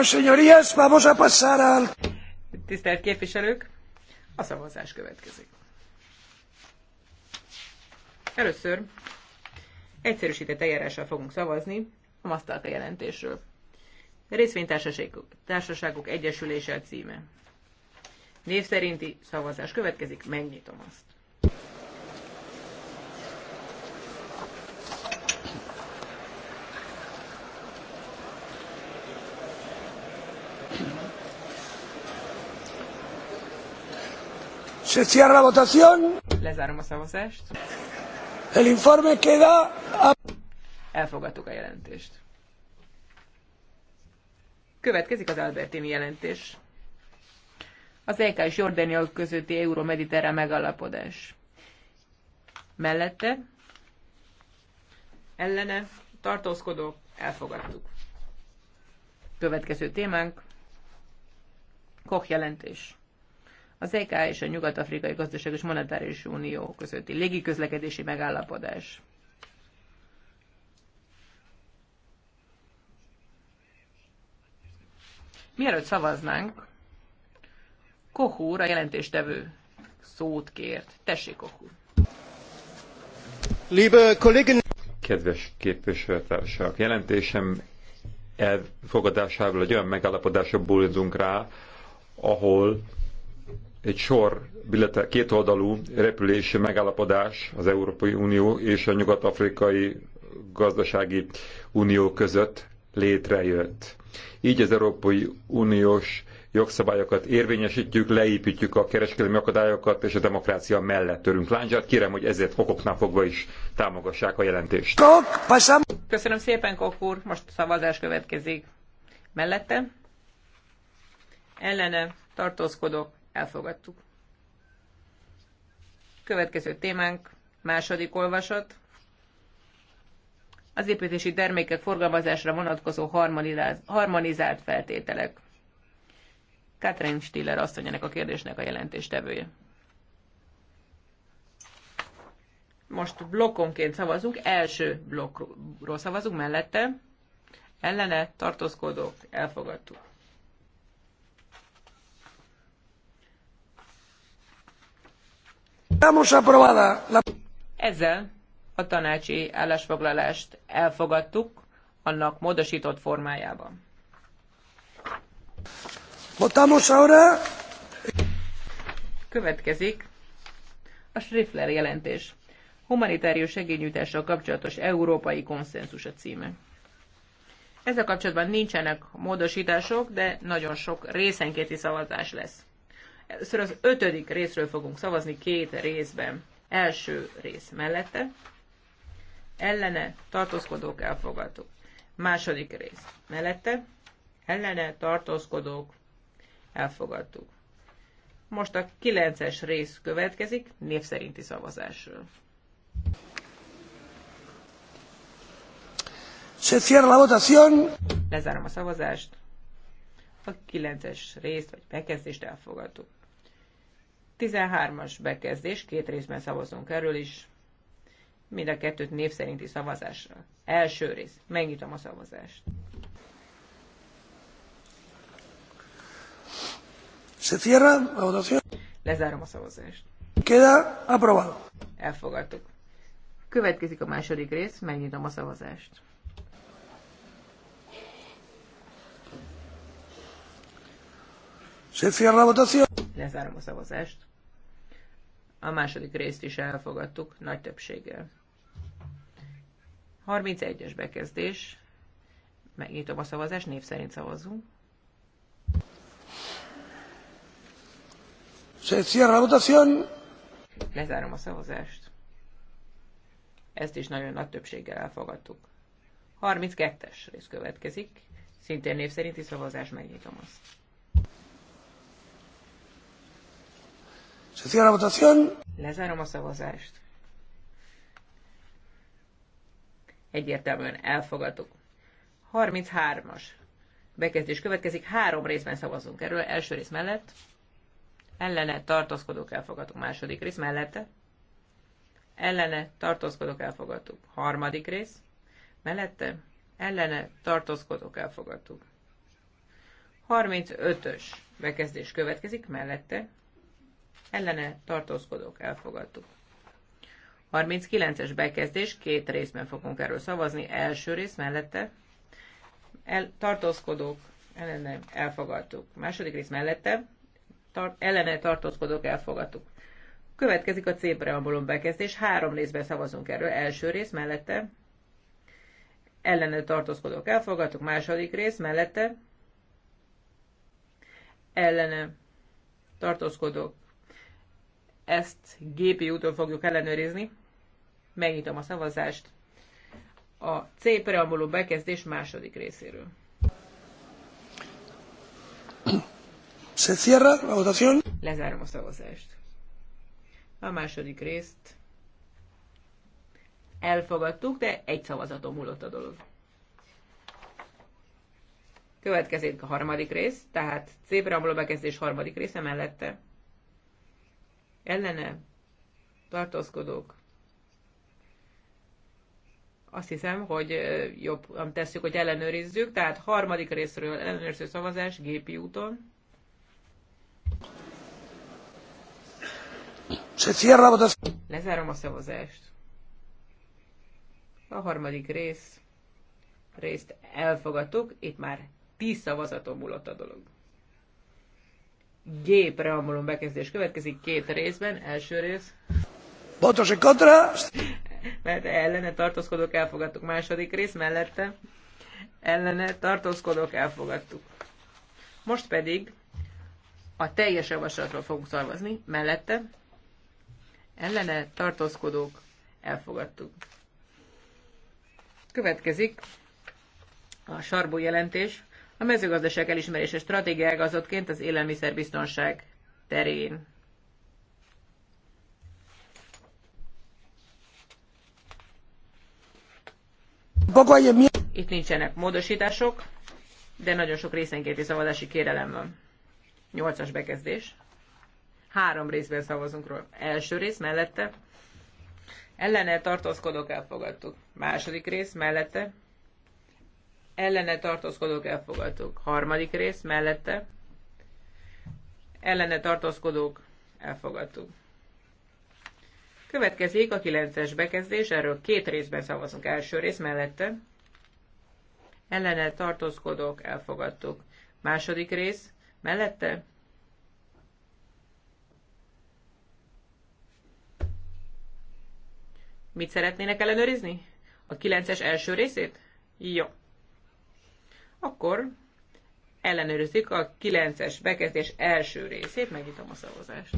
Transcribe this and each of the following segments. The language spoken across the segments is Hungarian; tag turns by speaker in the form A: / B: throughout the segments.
A: señorías,
B: Tisztelt képviselők, a szavazás következik. Először egyszerűsített eljárással fogunk szavazni a masztalka jelentésről. Részvénytársaságok társaságok egyesülése a címe. Név szerinti szavazás következik, megnyitom azt.
A: Se cierra la votación.
B: Lezárom a szavazást.
A: El informe queda... A...
B: Elfogadtuk a jelentést. Következik az Albertini jelentés. Az EK és Jordania közötti euró-mediterrán megállapodás. Mellette ellene tartózkodó, elfogadtuk. Következő témánk Koch jelentés az EK és a Nyugat-Afrikai Gazdaság és Monetáris Unió közötti légiközlekedési megállapodás. Mielőtt szavaznánk, Kohúr, a jelentéstevő szót kért. Tessék, Kohúr! Liebe Kollegen! Kedves képviselőtársak, jelentésem elfogadásával egy olyan megállapodásra bulizunk rá, ahol egy sor kétoldalú repülési megállapodás az Európai Unió és a Nyugat-Afrikai Gazdasági Unió között létrejött. Így az Európai Uniós jogszabályokat érvényesítjük, leépítjük a kereskedelmi akadályokat, és a demokrácia mellett törünk láncsát. Kérem, hogy ezért okoknál fogva is támogassák a jelentést. Köszönöm szépen, Kok úr. Most szavazás következik. Mellette? Ellene tartózkodok. Elfogadtuk. Következő témánk, második olvasat. Az építési termékek forgalmazásra vonatkozó harmonizált feltételek. Katrin Stiller asszony ennek a kérdésnek a jelentéstevője. Most blokkonként szavazunk, első blokkról szavazunk mellette, ellene tartózkodók, elfogadtuk. Ezzel a tanácsi állásfoglalást elfogadtuk annak módosított formájában. Következik a Schriffler jelentés. Humanitárius segényújtással kapcsolatos európai konszenzus a címe. Ezzel kapcsolatban nincsenek módosítások, de nagyon sok részenkéti szavazás lesz. Először az ötödik részről fogunk szavazni két részben. Első rész mellette, ellene tartózkodók elfogadtuk. Második rész mellette, ellene tartózkodók elfogadtuk. Most a kilences rész következik név szerinti szavazásról.
A: Se cierra la votación.
B: Lezárom a szavazást a 9-es részt vagy bekezdést elfogadtuk. 13-as bekezdés, két részben szavazunk erről is, mind a kettőt név szerinti szavazásra. Első rész, megnyitom a szavazást.
A: Se cierra la votación.
B: Lezárom a szavazást.
A: Queda aprobado.
B: Elfogadtuk.
A: Következik a második rész,
B: megnyitom a szavazást.
A: Lezárom
B: a szavazást. A második részt is elfogadtuk nagy többséggel. 31-es bekezdés. Megnyitom a szavazást, név szerint szavazunk.
A: Se cierra la votación.
B: Lezárom a szavazást. Ezt is nagyon nagy többséggel elfogadtuk. 32-es rész következik. Szintén név szerinti szavazás, megnyitom azt.
A: Se cierra la votación.
B: Lezárom a szavazást. Egyértelműen elfogadtuk. 33-as bekezdés következik. Három részben szavazunk erről. Első rész mellett. Ellene tartózkodók elfogadtuk. Második rész mellette. Ellene tartózkodók elfogadtuk. Harmadik rész. Mellette. Ellene tartózkodók elfogadtuk. 35-ös bekezdés következik. Mellette ellene tartózkodók elfogadtuk. 39-es bekezdés, két részben fogunk erről szavazni. Első rész mellette el, tartózkodók ellene elfogadtuk. Második rész mellette tart, ellene tartózkodók elfogadtuk. Következik a C preambulum bekezdés, három részben szavazunk erről. Első rész mellette ellene tartózkodók elfogadtuk. Második rész mellette ellene tartózkodók ezt gépi tól fogjuk ellenőrizni. Megnyitom a szavazást a C preambuló bekezdés második részéről.
A: Se cierra la votación.
B: Lezárom a szavazást. A második részt elfogadtuk, de egy szavazaton múlott a dolog. Következik a harmadik rész, tehát C preambuló bekezdés harmadik része mellette ellene tartózkodók. Azt hiszem, hogy jobban tesszük, hogy ellenőrizzük, tehát harmadik részről ellenőrző szavazás gépi úton. Lezárom a szavazást. A harmadik rész részt elfogadtuk, itt már tíz szavazaton múlott a dolog. G preambulum bekezdés következik két részben. Első rész.
A: Pontos egy contra.
B: Mert ellene tartózkodok, elfogadtuk. Második rész mellette. Ellene tartózkodok, elfogadtuk. Most pedig a teljes javaslatról fogunk szavazni. Mellette. Ellene tartózkodók, elfogadtuk. Következik a sarbó jelentés a mezőgazdaság elismerése stratégiai ágazatként az élelmiszerbiztonság terén. Itt nincsenek módosítások, de nagyon sok részenkéti szavazási kérelem van. Nyolcas bekezdés. Három részben szavazunk róla. Első rész mellette. Ellene tartózkodok, elfogadtuk. Második rész mellette ellene tartózkodók elfogadtuk. Harmadik rész mellette ellene tartózkodók elfogadtuk. Következik a kilences bekezdés, erről két részben szavazunk. Első rész mellette ellene tartózkodók elfogadtuk. Második rész mellette Mit szeretnének ellenőrizni? A 9-es első részét? Jó akkor ellenőrizzük a 9-es bekezdés első részét, megnyitom a szavazást.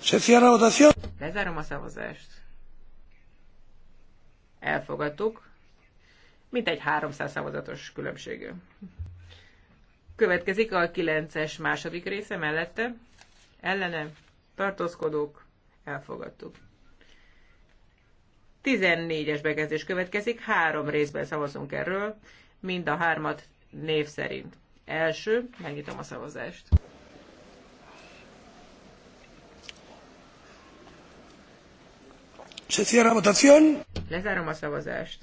A: Se cierra votación.
B: Lezárom a szavazást. Elfogadtuk. Mint egy 300 szavazatos különbségű. Következik a 9-es második része mellette. Ellene tartózkodók. Elfogadtuk. 14-es bekezdés következik, három részben szavazunk erről, mind a hármat név szerint. Első, megnyitom a szavazást.
A: Se cierra votación.
B: Lezárom a szavazást.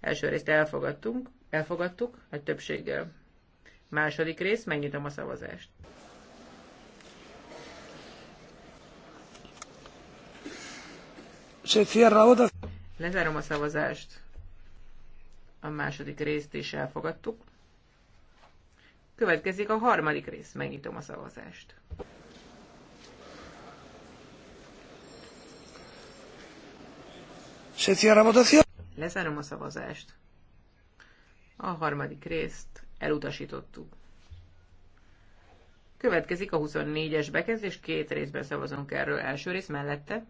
B: Első részt elfogadtunk, elfogadtuk egy többséggel. Második rész, megnyitom a szavazást.
A: Se
B: Lezárom a szavazást. A második részt is elfogadtuk. Következik a harmadik rész. Megnyitom a szavazást. Se Lezárom a szavazást. A harmadik részt elutasítottuk. Következik a 24-es bekezdés, két részben szavazunk erről. Első rész mellette,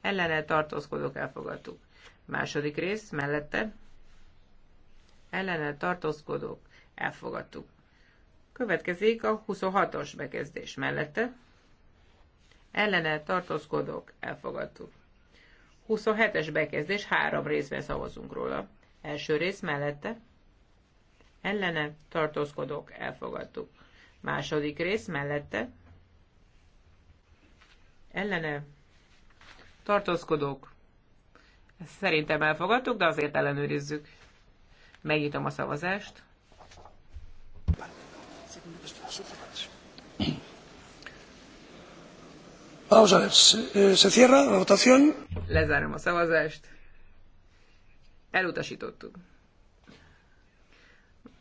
B: ellene tartózkodók elfogadtuk. Második rész mellette ellene tartózkodók elfogadtuk. Következik a 26-os bekezdés mellette ellene tartózkodók elfogadtuk. 27-es bekezdés, három részben szavazunk róla. Első rész mellette ellene tartózkodók elfogadtuk. Második rész mellette ellene tartózkodók. Ezt szerintem elfogadtuk, de azért ellenőrizzük. Megnyitom a szavazást.
A: Vamos a ver, se eh, cierra la votación.
B: Lezárom a szavazást. Elutasítottuk.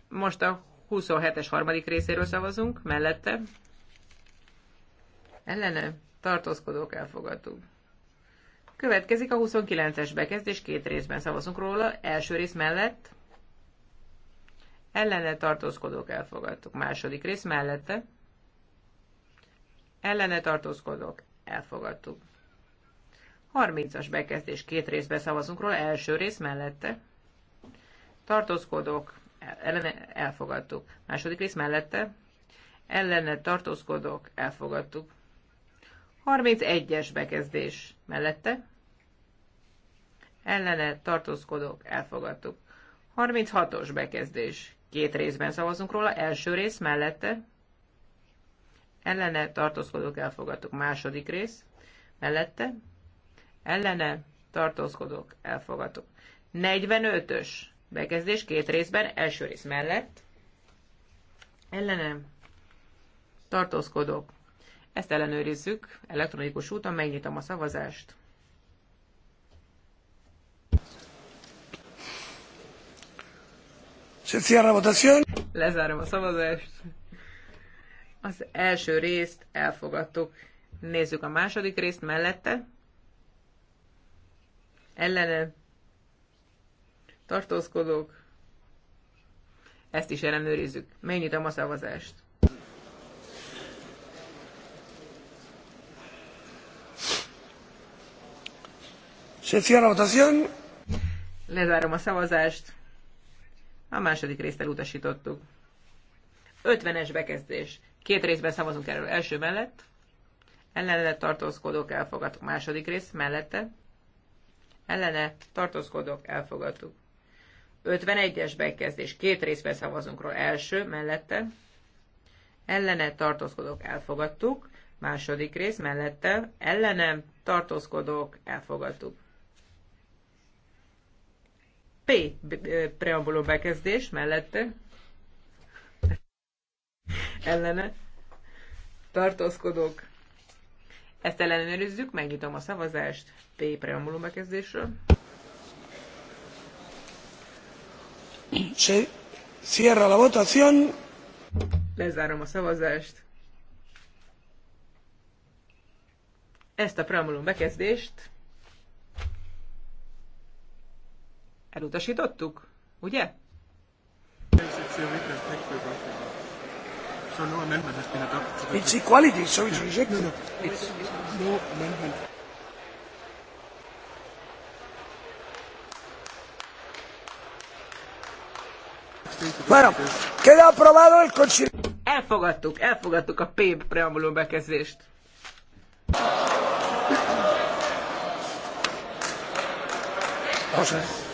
B: Most a 27-es harmadik részéről szavazunk, mellette. Ellene tartózkodók elfogadtuk. Következik a 29-es bekezdés, két részben szavazunk róla. Első rész mellett ellene tartózkodók elfogadtuk. Második rész mellette ellene tartózkodók elfogadtuk. 30-as bekezdés, két részben szavazunk róla. Első rész mellette tartózkodók ellene elfogadtuk. Második rész mellette ellene tartózkodók elfogadtuk. 31-es bekezdés mellette ellene tartózkodók elfogadtuk. 36-os bekezdés. Két részben szavazunk róla. Első rész mellette ellene tartózkodók elfogadtuk. Második rész mellette ellene tartózkodók elfogadtuk. 45-ös bekezdés két részben, első rész mellett Ellene tartózkodók. Ezt ellenőrizzük elektronikus úton, megnyitom a szavazást.
A: Se cierra votación.
B: Lezárom a szavazást. Az első részt elfogadtuk. Nézzük a második részt mellette. Ellene. Tartózkodók. Ezt is ellenőrizzük. Megnyitom a szavazást.
A: Se cierra votación.
B: Lezárom a szavazást. A második részt elutasítottuk. 50-es bekezdés. Két részben szavazunk erről. Első mellett, ellene tartózkodók elfogadtuk. Második rész mellette, ellene tartózkodók elfogadtuk. 51-es bekezdés. Két részben szavazunk róla. Első mellette, ellene tartózkodók elfogadtuk. Második rész mellette, ellene tartózkodók elfogadtuk. P preambuló bekezdés mellette ellene tartózkodók. Ezt ellenőrizzük, megnyitom a szavazást P preambuló bekezdésről.
A: Se cierra la votación.
B: Lezárom a szavazást. Ezt a preambulum bekezdést Elutasítottuk, ugye? So no amendment has been adopted. It's
A: equality, so it's rejected. No, no. no amendment. Bueno, queda
B: aprobado el concilio. Elfogadtuk, elfogadtuk a PÉB preambulum bekezdést.
A: Most.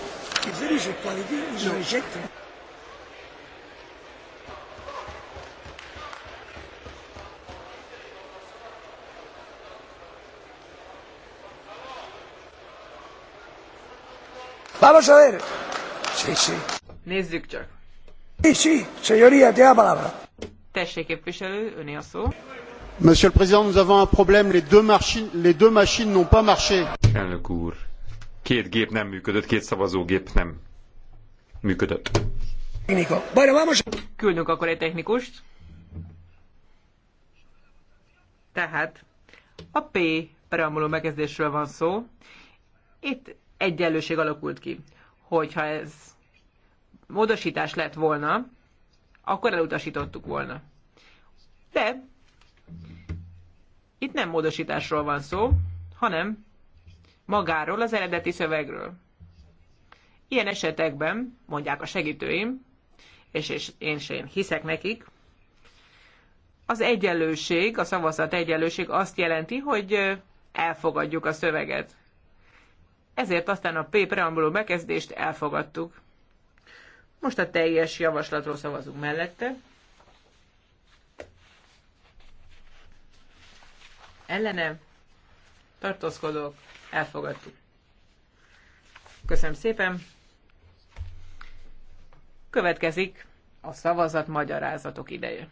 A: If there is equality, it's no. rejected. Vamos a ver. Sí, sí.
B: Nézzük csak.
A: Sí, sí, señoría, tiene la palabra.
B: Tessék, képviselő, öné a szó.
A: Monsieur le Président, nous avons un problème, les deux, les
B: deux machines n'ont pas marché. Elnök úr, két gép nem működött, két szavazógép nem működött. Küldünk akkor egy technikust. Tehát a P preambuló megkezdésről van szó. Itt egyenlőség alakult ki, hogyha ez módosítás lett volna, akkor elutasítottuk volna. De itt nem módosításról van szó, hanem magáról, az eredeti szövegről. Ilyen esetekben, mondják a segítőim, és, és én sem hiszek nekik, az egyenlőség, a szavazat egyenlőség azt jelenti, hogy elfogadjuk a szöveget. Ezért aztán a P preambuló bekezdést elfogadtuk. Most a teljes javaslatról szavazunk mellette. Ellene tartózkodók, elfogadtuk. Köszönöm szépen. Következik a szavazat magyarázatok ideje.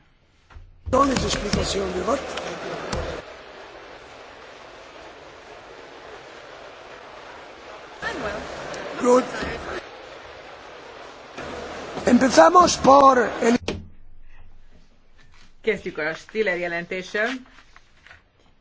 A: Good. Empezamos por el...
B: Kezdjük a Stiller jelentéssel.